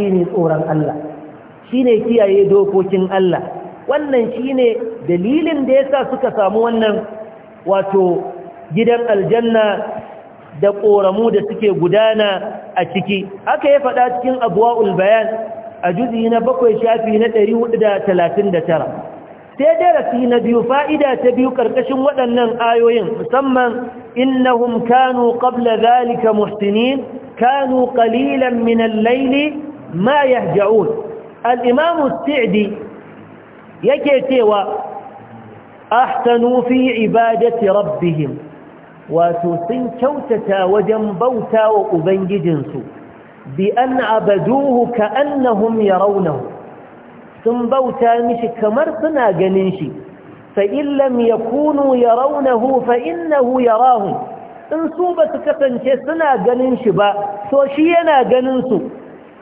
shine tsoron Allah shine kiyaye dokokin Allah wannan shine dalilin da ya sa suka samu wannan wato gidan aljanna da ƙoramu da suke gudana a ciki haka ya faɗa cikin abwaul bayan a juzi na bakwai shafi na 439 sai darasi na biyu fa'ida ta biyu ƙarƙashin waɗannan ayoyin musamman innahum kanu qabla zalika muhsinin kanu qalilan min al-layli ma yahja'un al-imam as-sa'di yake cewa ahsanu fi ibadati rabbihim wato sun kyautata wajen bauta wa ubangijinsu bi an abaduhu ka annahum yarawnahu sun bauta mishi kamar suna ganin shi fa in lam yakunu yarawnahu fa innahu yarahum in su basu kasance suna ganin shi ba soshi yana ganin su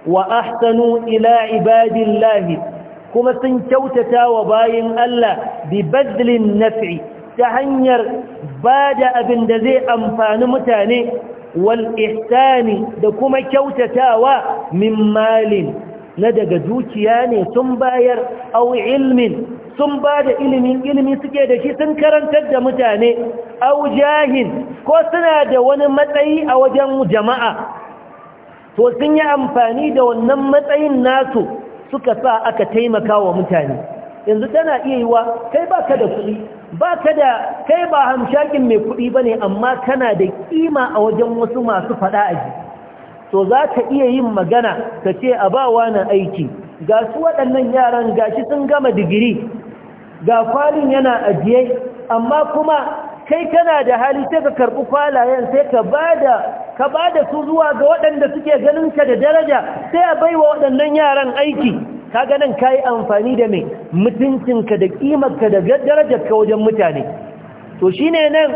wa ahsanu ila ibadillahi kuma sun kyautata wa bayin Allah bi badlin naf'i ta hanyar bada abin da zai amfani mutane wal ihsani da kuma kyautatawa min malin na daga dukiya ne sun bayar au ilmin sun ba da ilimin ilimi suke da shi sun karantar da mutane au jahin ko suna da wani matsayi a wajen jama'a to sun yi amfani da wannan matsayin nasu suka sa aka taimaka wa mutane yanzu tana iya yiwa kai ba ka da kuɗi ba ka da kai ba hamshakin mai kuɗi ba ne amma kana da kima a wajen wasu masu faɗa a ji to za ka iya yin magana ka ce a ba wani aiki ga su waɗannan yaran ga shi sun gama digiri ga kwalin yana ajiye amma kuma kai kana da hali sai ka karɓi kwalayen sai ka ba da ka ba da su zuwa ga waɗanda suke ganin ka da daraja sai a baiwa waɗannan yaran aiki kaga nan kai amfani da mutuncin mutuncinka da kimarka da darajarka wajen mutane to shine nan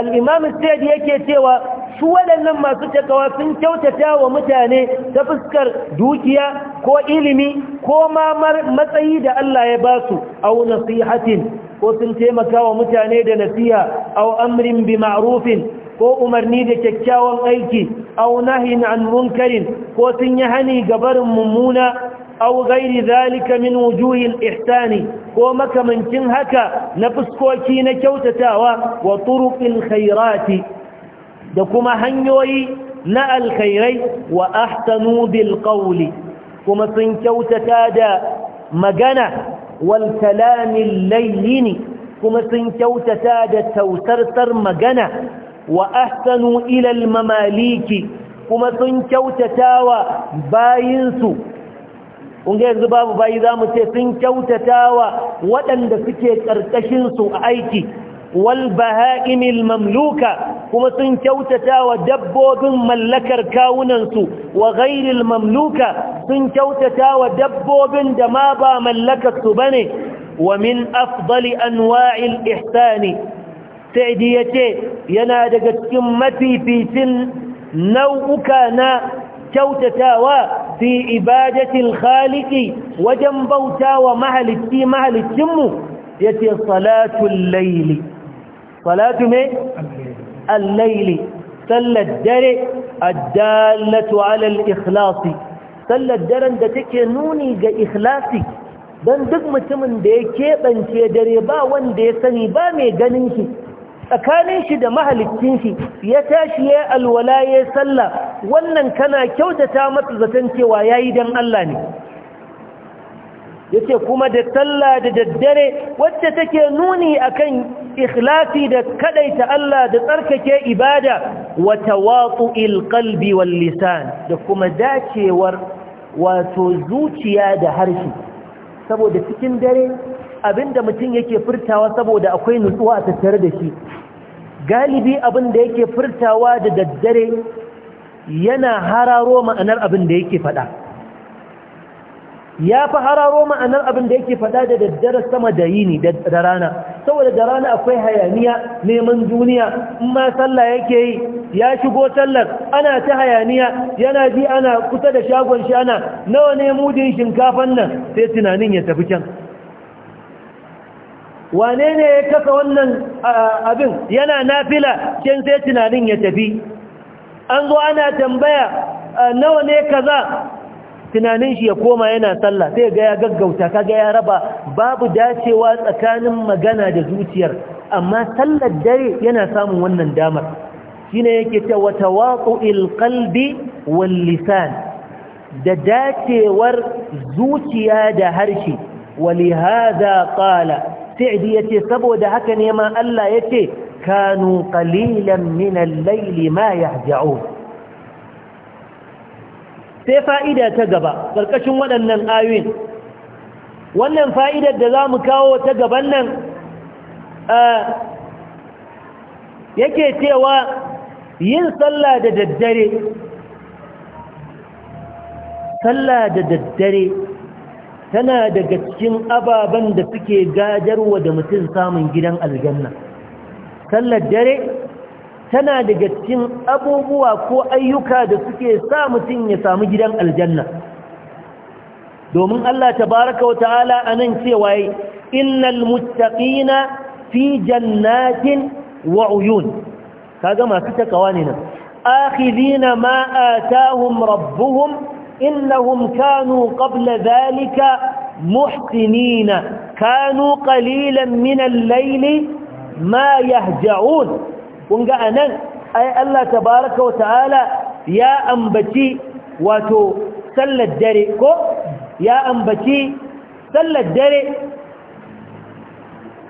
al-imam yake cewa su waɗannan masu takawa sun kyautata wa mutane ta fuskar dukiya ko ilimi ko mamar matsayi da Allah ya ba su au nasihatin ko sun taimaka wa mutane da nasiha au amrin bi ma'rufin ko umarni da kyakkyawan aiki au nahin an munkarin ko sun yi hani ga barin mummuna أو غير ذلك من وجوه الإحسان ومك من تنهك نفسكوكين كوتتاوى وطرق الخيرات دكما هنيوي نا الخيري وأحسنوا بالقول كما سنكوتتا دا مغنى والكلام اللين كما سنكوتتا دا توترتر مغنى وأحسنوا إلى المماليك كما سنكوتتا وباينسوا kunga yanzu babu bayi za mu ce sun kyautata wa waɗanda suke ƙarƙashinsu a aiki walbaha'imil mamluka kuma sun kyautata wa dabbobin mallakar kawunansu wa ghairil mamluka sun kyautata wa dabbobin da ma ba mallakarsu ba ne wa min afdali anwa'il ihsani sai yace yana daga cikin mafificin nau'uka na kyautatawa fi ibadatil khaliqi wajen bautawa mahalicci mahalicin mu yace salatul layli salatu me al sallar dare addalatu ala ikhlasi sallar daren da take nuni ga ikhlasi don duk mutumin da ya keɓance dare ba wanda ya sani ba mai ganin shi tsakanin shi da mahalicin shi ya tashi ya alwala ya sallah wannan kana kyautata masa zaton cewa yayi dan Allah ne yace kuma da sallah da daddare wacce take nuni akan ikhlasi da kadaita Allah da tsarkake ibada wa tawatu'il qalbi wal lisan da kuma dacewar wato zuciya da harshe saboda cikin dare abinda mutum yake furtawa saboda akwai nutsuwa a tattare da shi galibi abinda yake furtawa da daddare yana hararo ma'anar abinda yake faɗa ya fi hararo ma'anar abinda yake faɗa da daddare sama da yini da rana saboda da rana akwai hayaniya neman duniya in ma sallah yake yi ya shigo sallar ana ta hayaniya yana ji ana kusa da shagon shana nawa ne mudin shinkafan nan sai tunanin ya tafi can wane ne ya kasa wannan abin yana nafila can sai tunanin ya tafi an zo ana tambaya nawa ne kaza tunanin shi ya koma yana sallah sai ga ya gaggauta kaga ya raba babu dacewa tsakanin magana da zuciyar amma sallar dare yana samun wannan damar shine yake ta wata qalbi wal lisan da dacewar zuciya da harshe haza qala sa'idi yace saboda haka ne ma Allah yace kanu kalilan min al-layli sai fa'ida ta gaba ƙarƙashin waɗannan ayoyin wannan fa'idar da zamu kawo ta gaban nan yake cewa yin sallah da daddare sallah da daddare tana daga cikin ababen da suke gajarwa da mutum samun gidan aljanna sallar dare tana daga cikin abubuwa ko ayyuka da suke sa mutum ya samu gidan aljanna domin Allah tabaraka wa ta'ala anan cewa innal muttaqina fi jannatin wa uyun kaga masu takawa ne nan akhidina ma atahum rabbuhum إنهم كانوا قبل ذلك محسنين كانوا قليلا من الليل ما يهجعون ونقع أنا أي الله تبارك وتعالى يا أنبتي واتو سل الدري كو يا أنبتي سل الدري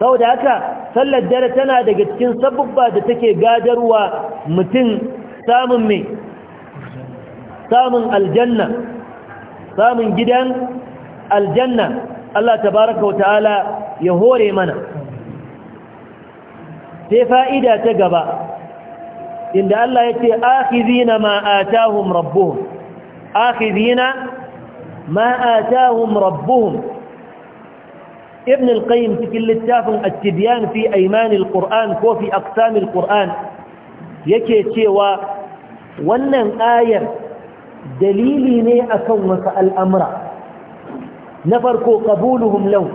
sau da haka sallar dare tana daga cikin sabubba da take gadarwa mutum samun mai samun aljanna samun gidan aljanna Allah tabaraka wa ta'ala ya hore mana sai fa'ida ta gaba inda Allah ya ce akhizina ma atahum rabbuhum akhizina ma atahum rabbuhum ابن القيم في كل التافن التبيان في أيمان القرآن وفي أقسام القرآن يكي cewa wannan ayar. dalili ne akan wasu al'amura na farko qabuluhum law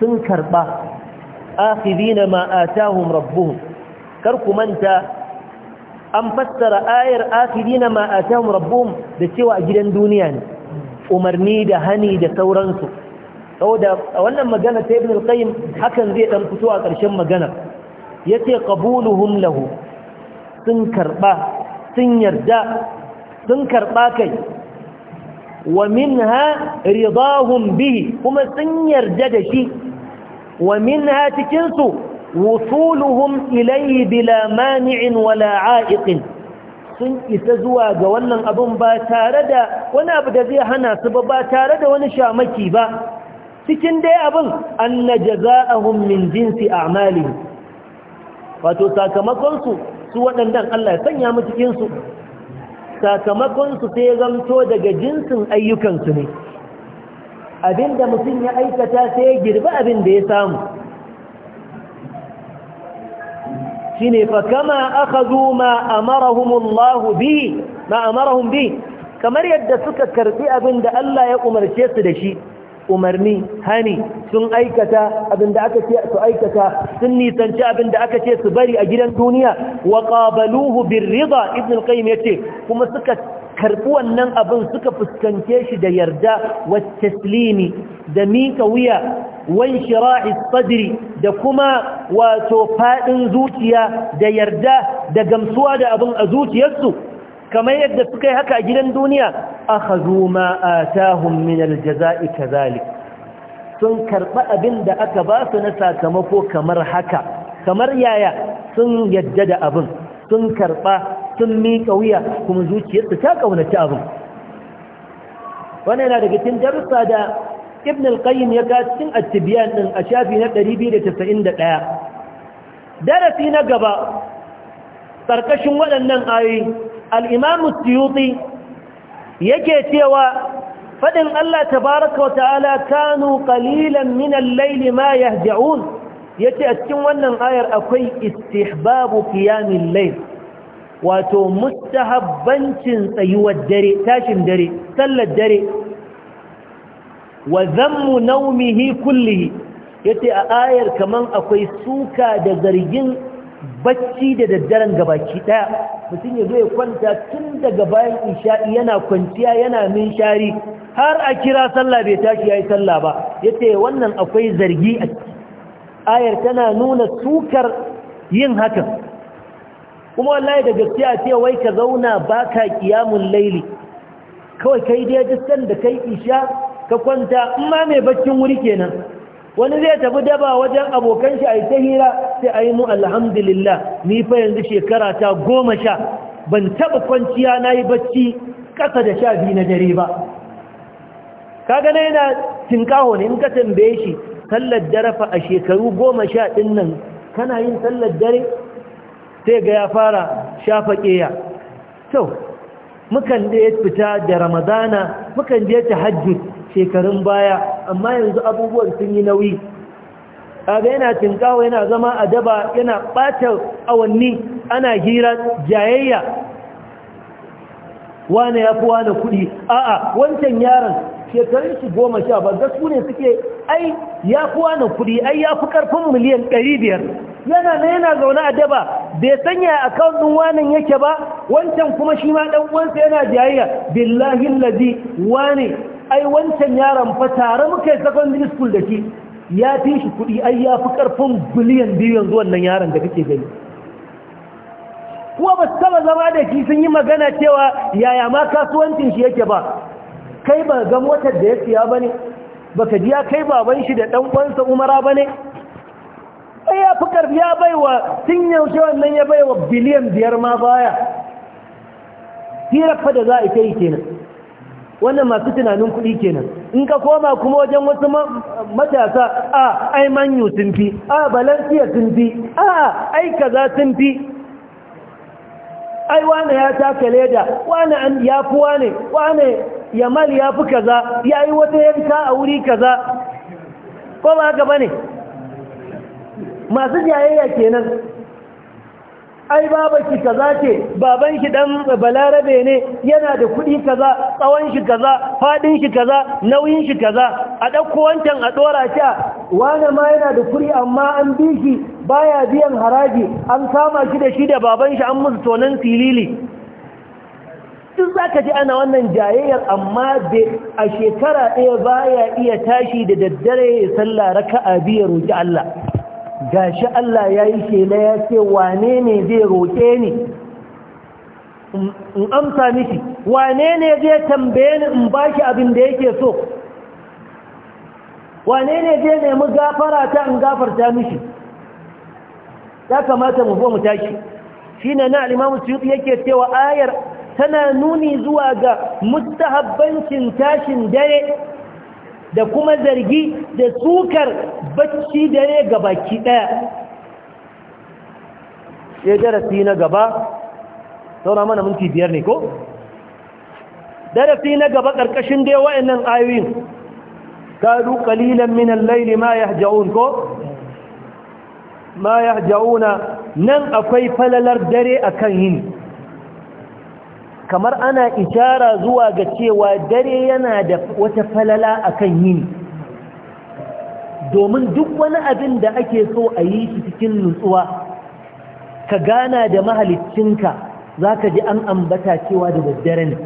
sun karɓa akhidina na atahum rabbuhum kar ku manta an fassara ayar akhidina ma atahum rabbuhum da cewa gidan duniya ne umarni da hani da sauransu saboda wannan magana ta ibn al-qayyim hakan zai ɗan fito a ƙarshen magana yace qabuluhum lahu sun karɓa sun yarda sun karɓa kai wa minha ribahun bihi kuma sun yarda da shi wa minha ha cikinsu wusuluhum ilayhi bila wala aiƙin sun isa zuwa ga wannan abun ba tare da wani abu da zai hana su ba ba tare da wani shamaki ba cikin dai abin anna jaza'ahum min jinsi a'malihim wato sakamakonsu su su Allah ya sanya mu cikinsu. sakamakon su sai zamto daga jinsin ayyukansu ne abinda mutum ya aikata sai ya girbi abin da ya samu shine fa kama aka ma amarahumullahu ma bi kamar yadda suka karbi abin da Allah ya umarce su da shi umarni hani sun aikata abinda aka ce su aikata sun nisanci abinda aka ce su bari a gidan duniya wa qabaluhu birrida ibn al-qayyim yace kuma suka karbi wannan abin suka fuskance shi da yarda wa taslimi da mika wuya wan shira'i sadri da kuma wato fadin zuciya da yarda da gamsuwa da abin a zuciyarsu kamar yadda suka yi haka a gidan duniya akhadhu ma atahum min aljaza'i kadhalik sun karɓa abin da aka ba su na sakamako kamar haka kamar yaya sun yadda da abin sun karba sun miƙa wuya kuma zuciyarsu ta ƙaunaci abin Wani yana daga cikin darussa da ibn al-qayyim ya ga cikin at din a shafi na 291 darasi na gaba Sarkashin waɗannan ayoyi al'imamu siyuti yake cewa faɗin Allah tabaraka wa ta'ala kanu ƙalilan minan laili ma ya ja'un ya ce a cikin wannan ayar akwai istihbabu kiyamin lail wato mustahabbancin tsayuwar dare tashin dare sallar dare wa zammu naumihi kullihi yace a ayar kamar akwai suka da zargin bacci da daddaren gabaki daya mutum ya zo ya kwanta tun daga bayan isha'i yana kwanciya yana min shari har a kira sallah bai tashi ya yi sallah ba yace wannan akwai zargi a ayar tana nuna sukar yin hakan kuma wallahi da gaskiya ce wai ka zauna baka qiyamul layli kawai kai dai duk sanda kai isha ka kwanta amma mai baccin wuri kenan wani zai tafi daba wajen abokan shi a yi ta hira sai a yi mu alhamdulillah ni fa yanzu shekara ta goma sha ban taba kwanciya na yi bacci ƙasa da sha biyu na dare ba kaga na yana tinkaho ne in ka tambaye shi sallar dare fa a shekaru goma sha ɗin nan kana yin sallar dare sai ga ya fara shafaƙeya. to mukan da ya fita da ramadana mukan je ta hajjus shekarun baya amma yanzu abubuwan sun yi nauyi kaga yana tinkawa yana zama a daba yana ɓata awanni ana hira jayayya wane ya fi wane kuɗi a'a wancan yaron shekarun shi goma sha ba su ne suke ai ya fi wane kuɗi ai ya fi ƙarfin miliyan ɗari biyar yana na yana zaune a daba bai sanya akawun ɗin wanan yake ba wancan kuma shi ma ɗan uwansa yana jayayya billahi lazi wane ai wancan yaron fa tare muka yi secondary school da shi ya fi shi kuɗi ai ya fi ƙarfin biliyan biyu yanzu wannan yaron da kake gani kuma ba su taba zama da shi sun yi magana cewa yaya ma kasuwancin shi yake ba kai ba ga motar da ya siya ba ne ba ka jiya kai baban shi da dan uwansa umara ba ne Ai ya fi ƙarfi ya bai wa yaushe wannan ya baiwa wa biliyan biyar ma baya hirar fa da za a kai kenan wannan masu tunanin kuɗi kenan in ka koma kuma wajen wasu matasa a ai manyu sun fi a balansiya sun fi a ai kaza sun fi ai wane ya taka leda wane an ya fi wane wane yamal ya fi kaza ya yi wata yanka a wuri kaza ko ba haka ba ne masu jayayya kenan ai baba ki kaza ce baban shi dan balarabe ne yana da kuɗi kaza tsawon shi kaza fadin shi kaza nauyin shi kaza a ɗauko wancan a ɗora shi wani ma yana da kuri amma an bi shi baya biyan haraji an kama shi da shi da baban shi an musu tonan silili duk zaka ji ana wannan jayayyar amma a shekara ɗaya baya iya tashi da daddare ya sallah raka'a biyar roƙi Allah gashi Allah ya yi shela ya ce wane ne zai roƙe ni in amsa miki wane ne zai tambaye ni in ba shi abin da yake so wane ne zai nemi gafara ta in gafarta mishi ya kamata mu bo mu tashi shi ne na alimamu suyuti yake cewa ayar tana nuni zuwa ga mustahabbancin tashin dare da kuma zargi da sukar bacci dare ga ɗaya ya darasi na gaba saura mana minti biyar ne ko? darasi na gaba ƙarƙashin dai wa'annan ayoyin kadu ƙalilan minan laili ma ya ko? ma ya nan akwai falalar dare akan yini kamar ana ishara zuwa ga cewa dare yana da wata falala a kan yini domin duk wani abin da ake so a yi shi cikin nutsuwa ka gana da mahalicinka za ka ji an ambata cewa da daddare ne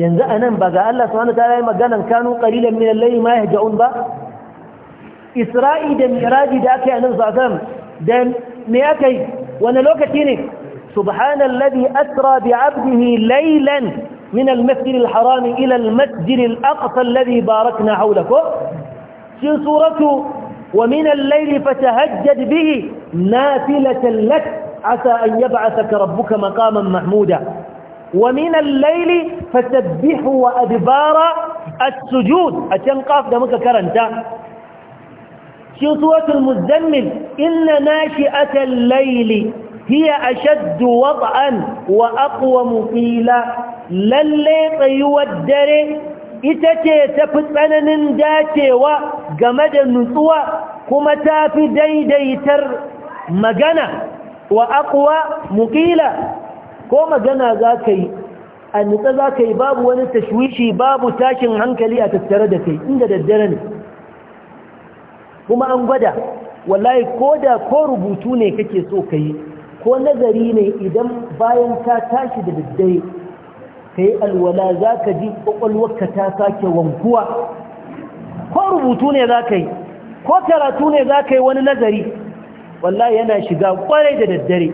yanzu a nan ba ga Allah su wani tara yi maganan kanu ƙarilan minan layi ma ya ja'un ba isra'i da miraji da aka yi a nan su da me aka yi wani lokaci ne سبحان الذي أسرى بعبده ليلا من المسجد الحرام إلى المسجد الأقصى الذي باركنا حوله في سورة ومن الليل فتهجد به نافلة لك عسى أن يبعثك ربك مقاما محمودا ومن الليل فسبحه وأدبار السجود أتنقاف دمك كرنتا في سورة المزمل إن ناشئة الليل hiya a wad'an wa aqwamu qila lalle tsayuwar dare ita ce tafi tsananin dacewa game da nutsuwa kuma tafi daidaitar magana wa aqwa muqila ko magana zaka yi a nutsa zaka yi babu wani tashwishi babu tashin hankali a tattare da kai inda daddare ne kuma an gwada wallahi koda ko rubutu ne kake so kai ko nazari ne idan bayan ka tashi da daddare ka yi alwala za ka ji ƙwaƙwalwarka ta sake wankuwa ko rubutu ne za ka yi ko karatu ne za ka yi wani nazari wallahi yana shiga ƙwarai da daddare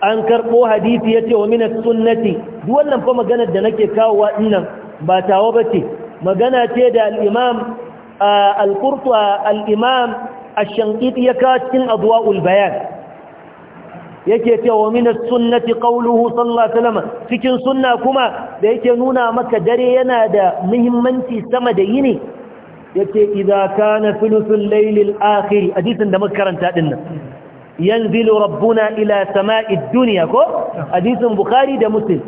an karɓo hadisi ya ce wa minas sunnati duk wannan fa maganar da nake kawowa innan ba tawa ba ce magana ce da al'imam al'imam ashankiti ya kawo cikin abuwa bayan yake cewa minas sunnati qawluhu sallallahu cikin sunna kuma da yake nuna maka dare yana da muhimmanci sama da yini yake idza na thuluthul layl al-akhir da muka karanta nan yanzilu rabbuna ila sama'id duniya ko hadisin bukhari da muslim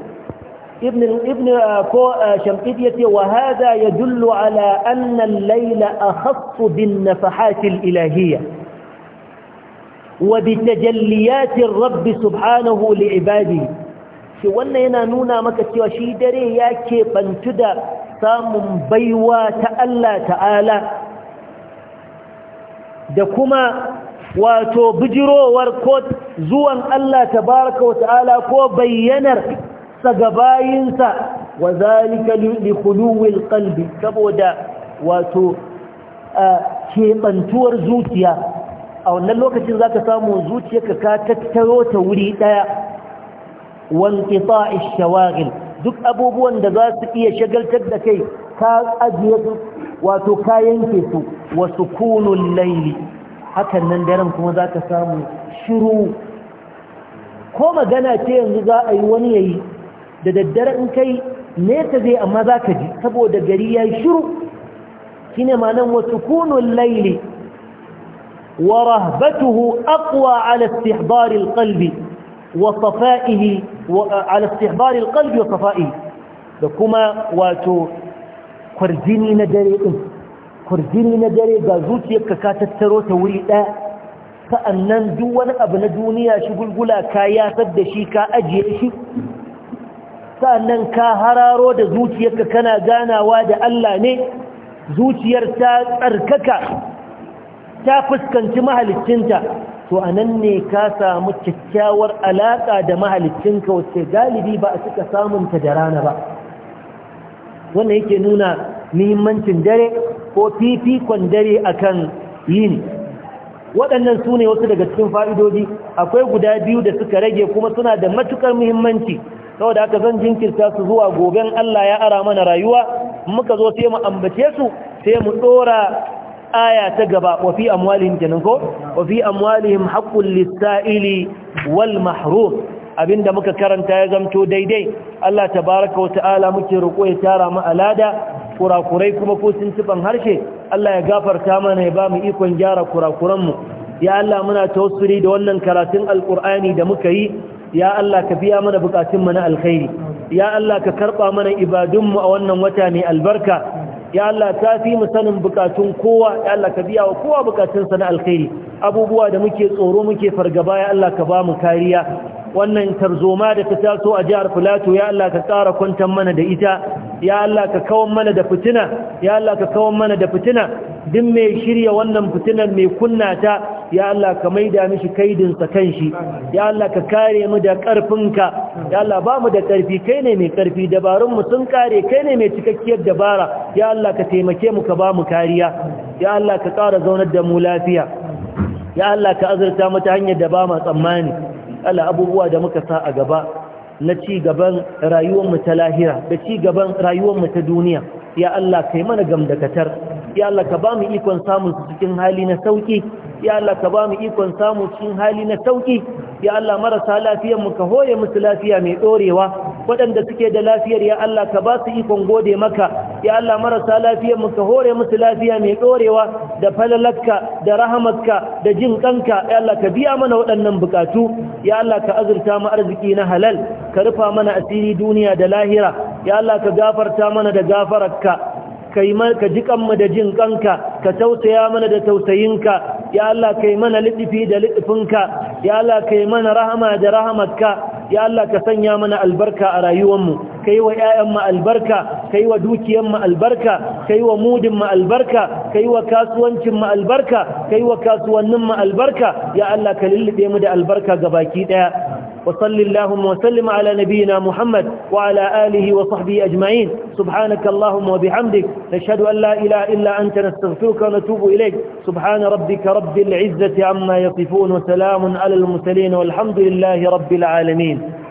ibn ibn ko shamqidi ya wa hada yadullu ala anna al-layla akhass bin nafahat al-ilahiyya wa bi tajalliyat ar-rabb subhanahu li ibadihi shi wannan yana nuna maka cewa shi dare yake bantu da samun baiwa ta Allah ta'ala da kuma wato bijirowar ko zuwan Allah tabaraka wa ta'ala ko bayyanar sa ga bayinsa wa zalika li khuluwil qalbi saboda wato kebantuwar zuciya a wannan lokacin zaka samu zuciyarka ka tattaro ta wuri daya wal qita'i shawagil duk abubuwan da za su iya shagaltar da kai ka ajiye su wato ka yanke su wa sukunul layli hakan nan daren kuma zaka samu shiru ko magana ce yanzu za a yi wani yayi da daddare in kai nesa zai amma za ka ji saboda gari ya yi shiru shi ne manan wasu kunun laili wa rahbatuhu aqwa ala istihbari wa safa'ihi wa safa'ihi da kuma wato kwarjini na dare din kwarjini na dare ga zuciyarka ka tattaro ta wuri daya sa'annan duk wani abu na duniya shi gulgula ka yasar da shi ka ajiye shi nan ka hararo da zuciyarka kana ganawa da Allah ne zuciyar ta tsarkaka ta fuskanci mahalicinta to anan ne ka samu kyakkyawar alaƙa da mahalicinka wacce galibi ba a cika samunta da rana ba wannan yake nuna muhimmancin dare ko fifikon dare akan yin waɗannan sune wasu daga cikin fa'idodi akwai guda biyu da suka rage kuma suna da matukar muhimmanci saboda haka zan jinkirta su zuwa goben Allah ya ara mana rayuwa muka zo sai mu ambace su sai mu dora aya ta gaba wa fi amwalihim kenan ko wa fi amwalihim haqqul saili wal mahrum abinda muka karanta ya zamto daidai Allah tabaaraka wa ta'ala muke roƙo ya tara mu alada kurakurai kuma ko sun harshe Allah ya gafarta mana ya ba mu ikon gyara kurakuranmu ya Allah muna tawassuli da wannan karatun alkur'ani da muka yi ya Allah ka biya mana bukatunmu na alkhairi ya Allah ka karba mana ibadunmu a wannan wata mai albarka ya Allah ka fi mu sanin bukatun kowa ya Allah ka biya wa kowa bukatunsa na alkhairi abubuwa da muke tsoro muke fargaba ya Allah ka ba mu kariya wannan tarzoma da ta taso a jihar Filato ya Allah ka tsara kwantar mana da ita ya Allah ka kawon mana da fitina ya Allah ka kawo mana da fitina duk mai shirya wannan fitinar mai kunna ta ya Allah ka maida mishi kaidinsa kanshi ya Allah ka kare mu da ƙarfinka. ya Allah ba mu da karfi kai ne mai ƙarfi. dabarun mu sun kare kai ne mai cikakkiyar dabara ya Allah ka taimake mu ka ba mu kariya ya Allah ka ƙara zaunar da mu lafiya ya Allah ka azurta mu ta hanyar da ba mu tsammani Allah abubuwa da muka sa a gaba na cigaban rayuwarmu ta lahira da cigaban rayuwarmu ta duniya ya Allah kai mana gamdakatar ya Allah ka ba mu ikon samun cikin hali na sauki ya Allah ka ba mu ikon samu cikin hali na sauki ya Allah marasa lafiyar mu ka hoye musu lafiya mai dorewa waɗanda suke da lafiyar ya Allah ka ba su ikon gode maka ya Allah marasa lafiyar mu ka hore musu lafiya mai dorewa da falalakka da rahamarka da jin kanka ya Allah ka biya mana waɗannan bukatu ya Allah ka azurta mu arziki na halal ka rufa mana asiri duniya da lahira ya Allah ka gafarta mana da gafararka ka jikan da jin kanka ka tausaya mana da tausayinka ya Allah kai mana lidifi da liɗifinka. ya Allah kai mana rahama da rahamarka ya Allah ka sanya mana albarka a rayuwarmu kai wa ƴaƴanmu albarka kai wa dukiyarmu albarka kai wa mudinmu albarka kai wa kasuwancinmu albarka kai wa kasuwanninmu albarka ya Allah ka lullube mu da albarka gabaki ɗaya. وصل اللهم وسلم على نبينا محمد وعلى آله وصحبه أجمعين سبحانك اللهم وبحمدك نشهد أن لا إله إلا أنت نستغفرك ونتوب إليك سبحان ربك رب العزة عما يصفون وسلام على المرسلين والحمد لله رب العالمين